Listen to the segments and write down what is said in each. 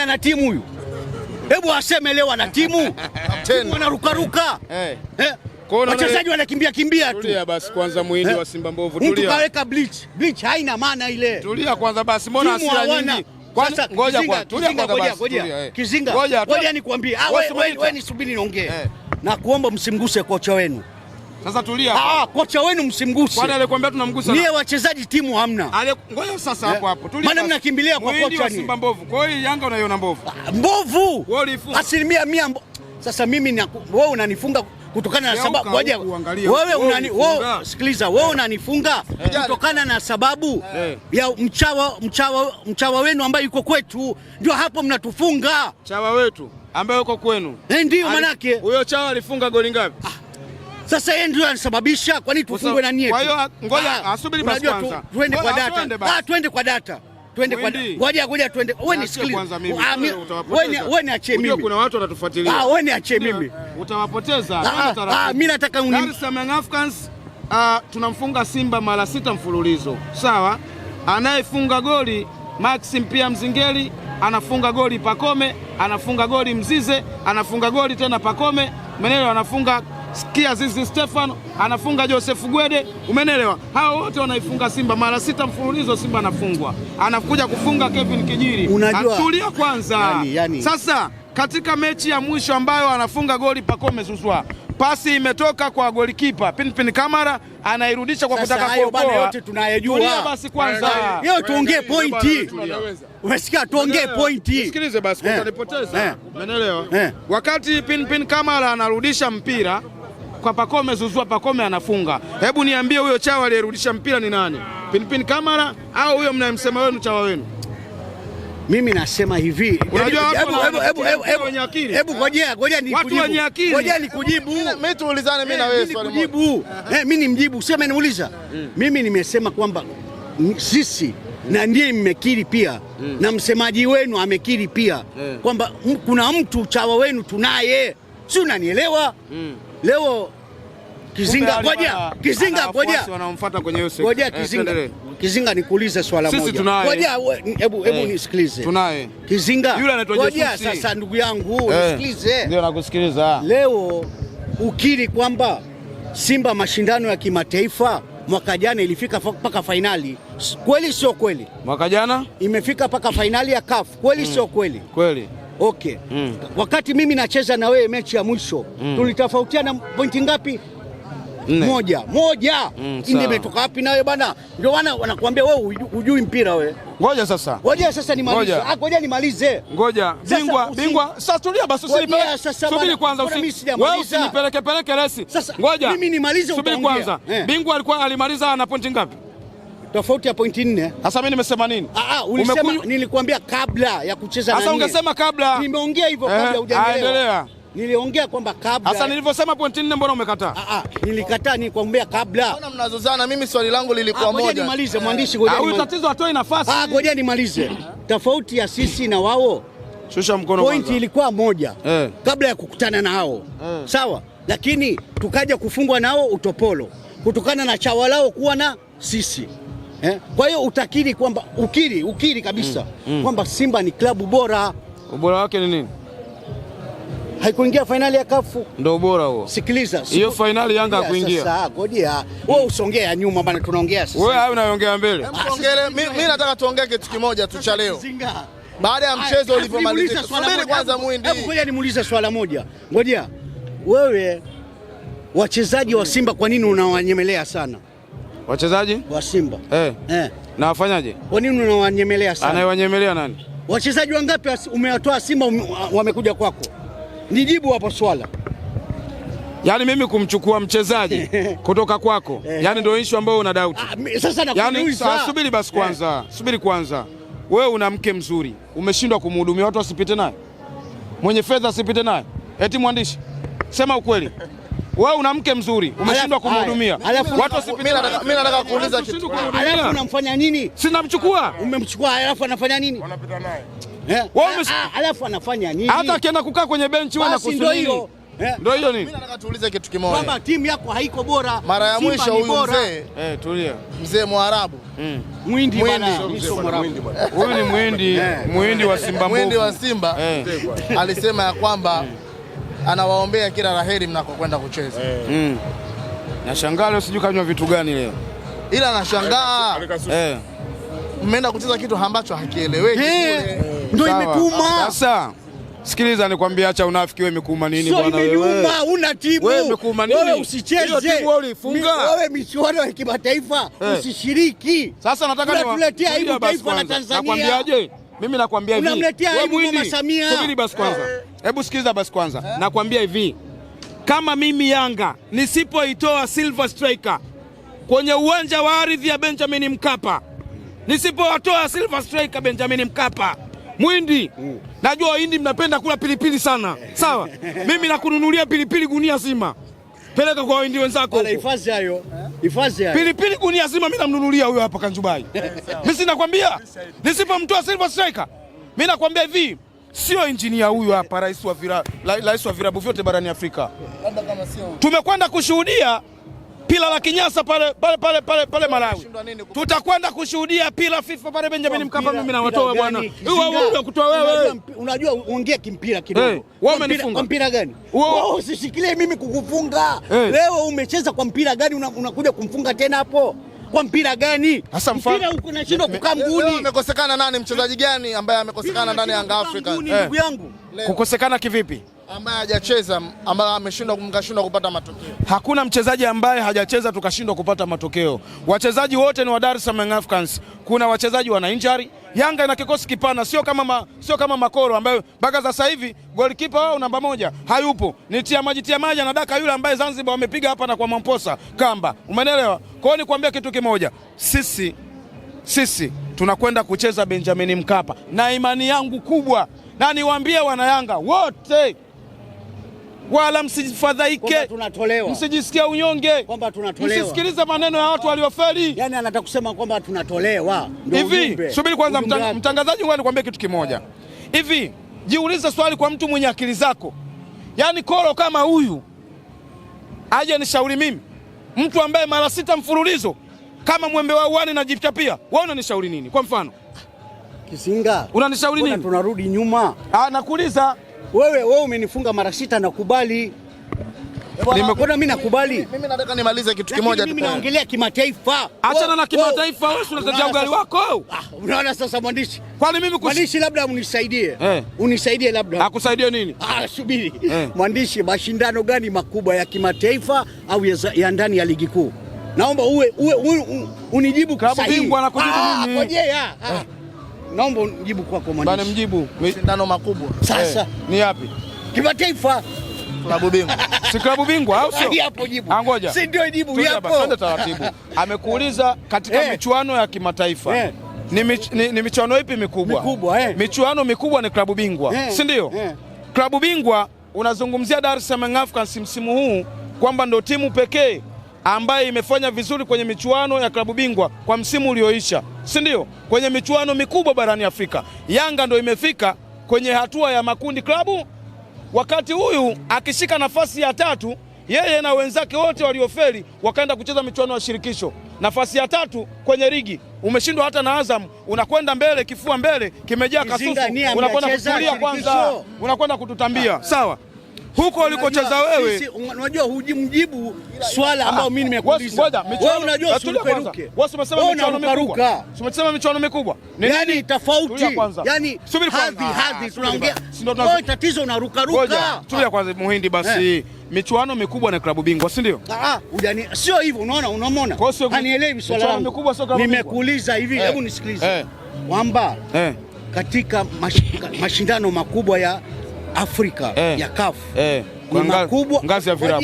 kweli ana timu huyu? Hebu aseme leo ana timu, timu wanarukaruka eh. Eh. wachezaji wanakimbia kimbia tu. Tulia basi kwanza, mwili wa eh. Simba Mbovu, tulia. Mtu kaweka bleach, bleach haina maana ile. Tulia kwanza basi, mbona hasira nyingi? Kwanza ngoja kwa tulia kwanza basi, tulia Kizinga, ngoja nikwambie, Ah, wewe nisubiri niongee, na kuomba msimguse kocha wenu. Sasa tulia. Ah, kocha wenu msimguse. Kwani alikwambia tunamgusa? Ni wachezaji timu hamna. Ale ngoja sasa hapo eh, hapo. Tulia. Maana mnakimbilia kwa kocha ni. Simba mbovu. Kwa hiyo Yanga unaiona mbovu. Ah, mbovu. Wewe ulifunga. Asilimia mia mbo. Sasa mimi na wewe unanifunga kutokana na sababu ngoja. Wewe unani wewe sikiliza, wewe unanifunga eh. kutokana na sababu eh. ya mchawa mchawa mchawa wenu ambaye yuko kwetu. Ndio hapo mnatufunga. Chawa wetu ambaye yuko kwenu. Eh, ndio manake. Huyo chawa alifunga goli ngapi? ah. Sasa yeye ndio anasababisha, kwa nini tufungwe na nini? Kwa hiyo ngoja ah, asubiri basi kwanza. Tuende kwa data. Ah, tuende kwa data. Twende kwa data. Ngoja ngoja twende. Wewe ni sikili. Ah, wewe ni achie mimi. Kuna watu wanatufuatilia. Ah, wewe ni achie mimi. Utawapoteza. Ah, mimi ah, nataka uni. Dar es Salaam Africans tunamfunga Simba mara sita mfululizo. Sawa? Anayefunga goli Maxim pia Mzingeli anafunga goli Pakome, anafunga goli Mzize, anafunga goli tena Pakome, Menelo anafunga Sikia Zizi Stefano anafunga Joseph Gwede, umenelewa? Hao wote wanaifunga Simba mara sita mfululizo, Simba anafungwa, anakuja kufunga Kevin Kijiri. Unajua, atulia kwanza yani, yani. Sasa katika mechi ya mwisho ambayo anafunga goli Pacome Zouzoua pasi imetoka kwa golikipa Pinpin Kamara anairudisha kwa kutaka kuokoa. Bana yote tunayejua. Basi kwanza leo tuongee pointi, umesikia? Tuongee pointi, sikilize basi, eh. utanipoteza. Eh. Umeelewa? Eh. Wakati Pinpin Kamara anarudisha mpira kwa Pakome zuzua, Pakome anafunga. Hebu niambie huyo chawa aliyerudisha mpira ni nani? Pinpin Kamara au huyo mnayemsema wenu chawa wenu? Mimi nasema hivi, uh-huh. eh, mimi nimjibu, sio ameniuliza hmm. mimi. Nimesema kwamba sisi hmm. na ndiye mmekiri pia mm. na msemaji wenu amekiri pia hmm. kwamba kuna mtu chawa wenu tunaye, si unanielewa? mm leo Kizinga ngoja, Kizinga ngoja, wanaomfuata kwenye hiyo sekta. Ngoja eh, Kizinga, Kizinga nikuulize swala moja. Sisi tunaye. Ngoja hebu hebu eh, nisikilize. Tunaye Kizinga, yule anaitwa Jesusi. Ngoja sasa, ndugu yangu eh, nisikilize. Ndio nakusikiliza. Leo ukiri kwamba Simba mashindano ya kimataifa mwaka jana ilifika mpaka fainali, kweli sio kweli? Mwaka jana imefika mpaka fainali ya CAF, kweli mm, sio kweli? Kweli. Okay. Mm. Wakati mimi nacheza na wewe mechi ya mwisho mm. tulitofautiana pointi ngapi? Nne. Moja moja mm, ndio imetoka wapi nawe bana Ndio bana wanakuambia wewe hujui mpira wewe. Ngoja sasa, ngoja sasa nimalize, ngoja, ah, ngoja nimalize, ngoja bingwa bingwa. Sasa tulia basi, usinipeleke subiri kwanza, wewe usinipeleke peleke resi. Ngoja mimi nimalize, subiri kwanza. Eh. Bingwa alikuwa alimaliza na pointi ngapi? tofauti ya pointi nne. Sasa mimi nimesema nini? Ah, ah, ulisema umeku... nilikuambia kabla ya kucheza nani. Sasa ungesema kabla. Nimeongea hivyo kabla eh, hujaelewa. Endelea. Niliongea kwamba kabla. Sasa nilivyosema pointi nne mbona umekataa? Ah ah, nilikataa ni kuambia kabla. Mbona mnazozana? Mimi swali langu lilikuwa ah, moja. Ngoja nimalize mwandishi, ngoja. Huyu tatizo atoe nafasi. Ah, ngoja nimalize. Tofauti ya sisi na wao. Shusha mkono kwanza. Pointi ilikuwa moja eh, kabla ya kukutana na hao eh. Sawa, lakini tukaja kufungwa nao utopolo kutokana na chawa lao kuwa na sisi eh? Kwa hiyo utakiri kwamba ukiri ukiri kabisa mm, mm, kwamba Simba ni klabu bora. Ubora wake ni nini? haikuingia fainali ya kafu ndio ubora huo. Sikiliza hiyo fainali Yanga hakuingia. Sasa godia wewe, mm. usongea nyuma bana, tunaongea sasa. Wewe hayo unaongea mbele, mimi nataka tuongee kitu kimoja tu cha leo baada ya mchezo ulivyomalizika. Subiri kwanza, Muhindi, ngoja nimuulize swala moja. Ngoja wewe, wachezaji wa Simba, kwa nini unawanyemelea sana? wachezaji wa Simba eh. Eh. na wafanyaje? Kwa nini unawanyemelea sana? Anayewanyemelea nani? Wachezaji wangapi umewatoa Simba wamekuja kwako? Nijibu hapo swala. Yaani mimi kumchukua mchezaji kutoka kwako eh. yaani ndio issue ambayo una doubt. Ah, sasa nakuuliza. Yaani subiri basi kwanza. Eh. Subiri kwanza. Wewe una mke mzuri umeshindwa kumhudumia watu wasipite naye, mwenye fedha asipite naye, eti mwandishi, sema ukweli. wewe una mke mzuri umeshindwa kumhudumia. watu Mimi nataka kuuliza kitu. Alafu unamfanya nini? Si namchukua. Umemchukua alafu anafanya nini? Unapita naye. eh, wewe ah, ah, Alafu anafanya nini? Hata akienda kukaa kwenye benchi wewe unakusudia. Eh? Ndio hiyo nini? Mimi nataka tuulize kitu kimoja. Kwamba timu yako haiko bora. Mara ya mwisho huyu mzee. Eh, tulia. Mzee Mwarabu. Hmm. Mwindi bwana. Huyu ni Mwindi, eh. Mwindi wa Simba. Mwindi wa Simba. Eh. Alisema ya kwamba hmm anawaombea kila laheri mnakokwenda kucheza hey. Eh. mm. Nashangaa leo sijui kanywa vitu gani leo, ila nashangaa hey. Eh. Mmeenda kucheza kitu ambacho hakieleweki hey. Eh. hey. Ndio imekuma sasa. Sikiliza nikwambie, acha unafiki wewe. mikuma nini bwana wewe? Una timu wewe, mikuma nini wewe? Usicheze Hiyo timu wewe ulifunga wewe. Michuano ya kimataifa usishiriki. Sasa nataka niwakuletea aibu taifa la Tanzania. Nakwambiaje mimi, nakwambia hivi, unamletea aibu Mama Samia. Subiri basi kwanza Hebu sikiliza basi kwanza Nakwambia hivi kama mimi Yanga nisipoitoa Silver Striker kwenye uwanja wa ardhi ya Benjamin Mkapa, nisipowatoa Silver Striker Benjamin Mkapa, Mwindi mm. najua Wahindi mnapenda kula pilipili sana, sawa? mimi nakununulia pilipili gunia zima, peleka kwa Wahindi wenzako pilipili gunia zima, mimi namnunulia huyo hapa Kanjubai mimi sinakwambia, nisipomtoa Silver Striker, mimi nakwambia hivi Sio injinia huyu hapa, rais wa virabu, rais wa virabu vyote barani Afrika. Tumekwenda kushuhudia pila la kinyasa pale pale pale pale pale Malawi, tutakwenda kushuhudia pila FIFA pale Benjamin Mkapa. Mimi nawatoa bwana, wa kutoa wewe. Unajua ongea kimpira kidogo, Wewe umenifunga mpira gani? Wewe usishikilie mimi kukufunga. wewe umecheza kwa mpira gani unakuja kumfunga tena hapo? kwa mpira gani? Sasa mpira uko na shindo kukaa mguuni. Amekosekana nani? Mchezaji gani ambaye amekosekana ndani ya Yanga Africa? Ndugu eh. yangu, kukosekana kivipi? ambaye hajacheza ambaye ameshindwa mkashindwa kupata matokeo. Hakuna mchezaji ambaye hajacheza tukashindwa kupata matokeo. Wachezaji wote ni wa Dar es Salaam Africans. Kuna wachezaji wana injury, Yanga ina kikosi kipana, sio kama, ma, sio kama Makoro ambayo mpaka sasa hivi golikipa wao namba moja hayupo, ni tia maji tia maji na daka yule ambaye Zanzibar wamepiga hapa na kwa Mamposa kamba, umeelewa? Kwao ni kuambia kitu kimoja, sisi sisi tunakwenda kucheza Benjamin Mkapa na imani yangu kubwa, na niwaambie wana Yanga wote wala msifadhaike, msijisikia unyonge, msisikilize maneno ya watu waliofeli. Yani anataka kusema kwamba tunatolewa hivi. Subiri kwanza, mtang, mtangazaji ngoja nikwambie kitu kimoja hivi, jiulize swali kwa mtu mwenye akili zako, yani koro kama huyu aje nishauri mimi, mtu ambaye mara sita mfululizo kama mwembe wa uani najichapia, wewe unanishauri nini? Kwa mfano Kisinga, unanishauri nini? Tunarudi nyuma. Ah, nakuuliza wewe wewe umenifunga mara sita, nakubali nimekuona mimi nakubali. Mimi nataka nimalize kitu kimoja tu. Mimi naongelea kimataifa. Achana na kimataifa, wewe si unatetea ugali wako. Ah, Unaona sasa mwandishi. Kwani mimi mwandishi labda unisaidie. Eh. Unisaidie labda. Akusaidie nini? Ah, subiri. Eh. Mwandishi, mashindano gani makubwa ya kimataifa au ya, ya ndani ya ligi kuu? Naomba uwe, uwe, unijibu kwa sahihi. Klabu bingwa anakujibu mimi. Ah, Ngojea. Ah. Eh naomba mjibu kwako mwandishi. Bana mjibu. Mashindano makubwa. Sasa hey, eh, ni yapi? Kimataifa. Klabu bingwa. Si klabu bingwa au sio? Hapo jibu. Angoja. Ah, si ndio jibu yapo. Twende taratibu. Amekuuliza katika hey, eh. michuano ya kimataifa. Hey. Eh. Ni, mich, ni, ni michuano ipi mikubwa? Mikubwa, eh. Michuano mikubwa ni klabu bingwa. Hey. Si ndio? Hey. Klabu bingwa unazungumzia Dar es Salaam Africans msimu huu kwamba ndio timu pekee ambaye imefanya vizuri kwenye michuano ya klabu bingwa kwa msimu ulioisha, si ndio? Kwenye michuano mikubwa barani Afrika, Yanga ndo imefika kwenye hatua ya makundi klabu, wakati huyu akishika nafasi ya tatu, yeye na wenzake wote waliofeli wakaenda kucheza michuano ya shirikisho, nafasi ya tatu kwenye ligi. Umeshindwa hata na Azam, unakwenda mbele, kifua mbele kimejaa kasufu, unakwenda kutulia kwanza, unakwenda kututambia sawa huko ulikocheza wewe. Unajua hujimjibu swala ambao ah, mimi nimekuuliza. Wewe unajua usiperuke. Wewe umesema michuano mikubwa. Umesema michuano mikubwa. Ni yaani nini tofauti. Yaani subiri kwanza. Hadi hadi ah, tunaongea. Wewe tatizo unaruka ruka. Tulia kwanza Muhindi basi. Eh. Michuano mikubwa na klabu bingwa si ndio? Ah, ah ujani sio hivyo unaona unamwona. Hanielewi swala langu. Nimekuuliza hivi, eh. hebu nisikilize. Eh. Kwamba katika mashindano makubwa ya Afrika eh, ya CAF eh, ni makubwa ngazi ya virabu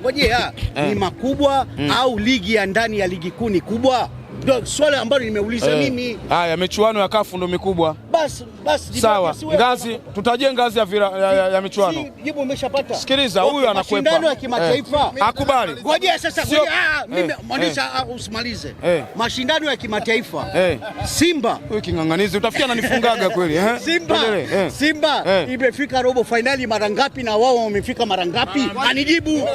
ngojea eh, eh. eh, ni makubwa mm, au ligi ya ndani ya ligi kuu ni kubwa? Ndio swali ambalo nimeuliza eh, mimi. Haya, michuano ya CAF ndio mikubwa basi. Basi, sawa ngazi, tutajie ngazi ya, vira, ya, ya, ya michuano. Si, jibu umeshapata. Sikiliza huyu okay, anakwepa. Mashindano ya kimataifa. eh. Akubali. Ngoja sasa ngoja ah, ah, mimi eh, maanisha eh. ah, usimalize. eh. Mashindano ya kimataifa. eh. Simba. Huyu king'ang'anizi utafikia ananifungaga kweli eh? Simba. eh. Simba eh. Imefika robo finali mara ngapi na wao wamefika mara ngapi? Anijibu.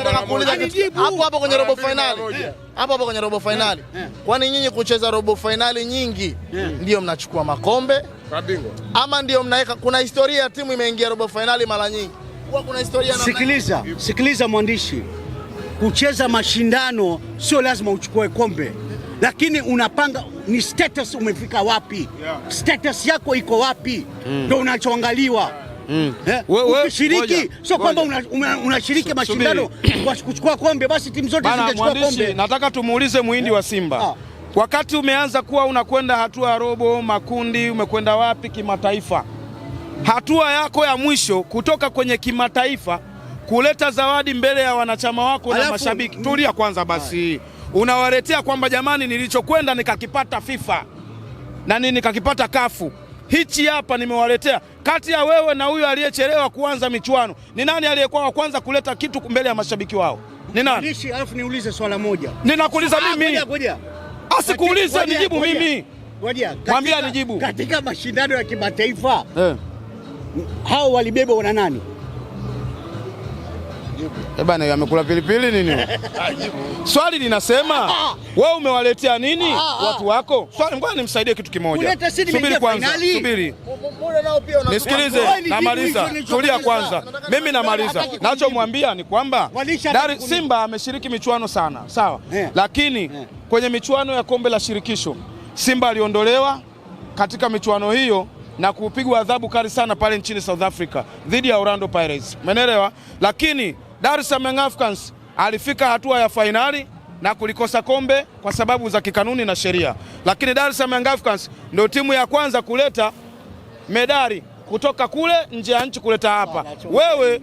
Hapo hapo kwenye robo finali Hapo hapo kwenye robo eh, fainali. Kwani nyinyi kucheza robo finali nyingi ndio mnachukua makombe ama ndio mnaweka? Kuna historia ya timu imeingia robo fainali mara nyingi, huwa kuna historia. Sikiliza, sikiliza mwandishi, kucheza mashindano sio lazima uchukue kombe, lakini unapanga ni status, umefika wapi? Status yako iko wapi? Mm. Ndio mm. unachoangaliwa Mm. Eh, ukishiriki sio kwamba unashiriki una mashindano kwa kuchukua kombe, basi timu zote zingechukua kombe. Nataka tumuulize muhindi wa Simba ah. Wakati umeanza kuwa unakwenda hatua ya robo makundi, umekwenda wapi kimataifa, hatua yako ya mwisho kutoka kwenye kimataifa kuleta zawadi mbele ya wanachama wako Alafu, na mashabiki. Tulia kwanza basi, unawaletea kwamba jamani, nilichokwenda nikakipata FIFA na nini nikakipata kafu hichi hapa nimewaletea. Kati ya wewe na huyo aliyechelewa kuanza michuano, ni nani aliyekuwa wa kwanza kuleta kitu mbele ya mashabiki wao? Ni nani? Alafu niulize swala moja, ninakuuliza ah, mimi. Asikuulize nijibu mimi, mwambie nijibu. Katika mashindano ya kimataifa eh. hao walibeba wana nani? Eh bana, amekula pilipili nini? Swali linasema ah, ah. wewe umewaletea nini ah, watu wako? Swali, ngoja nimsaidie kitu kimoja. Subiri kwanza, subiri. Nisikilize, namaliza. Tulia kwanza. Mimi namaliza. Nachomwambia ni kwamba Simba ameshiriki michuano sana, sawa? Eh. Lakini eh. kwenye michuano ya kombe la shirikisho Simba aliondolewa katika michuano hiyo na kupigwa adhabu kali sana pale nchini South Africa dhidi ya Orlando Pirates. Umeelewa? Lakini Dar es Salaam Young Africans alifika hatua ya fainali na kulikosa kombe kwa sababu za kikanuni na sheria, lakini Dar es Salaam Young Africans ndio timu ya kwanza kuleta medali kutoka kule nje ya nchi kuleta hapa. Wewe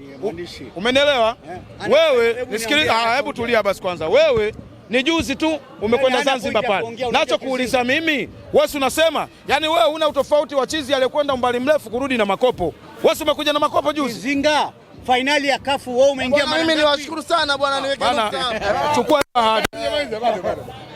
umenielewa? Eh, wewe nisikilize, hebu ah, tulia basi kwanza. Wewe ni juzi tu umekwenda yaani, Zanzibar pale, nachokuuliza mimi wewe unasema yani, wewe una utofauti wa chizi aliyekwenda umbali mrefu kurudi na makopo. Wewe umekuja na makopo juzi Zinga fainali ya kafu, wewe umeingia mara ngapi? Mimi niwashukuru sana bwana, niweke nukta. Chukua ahadi.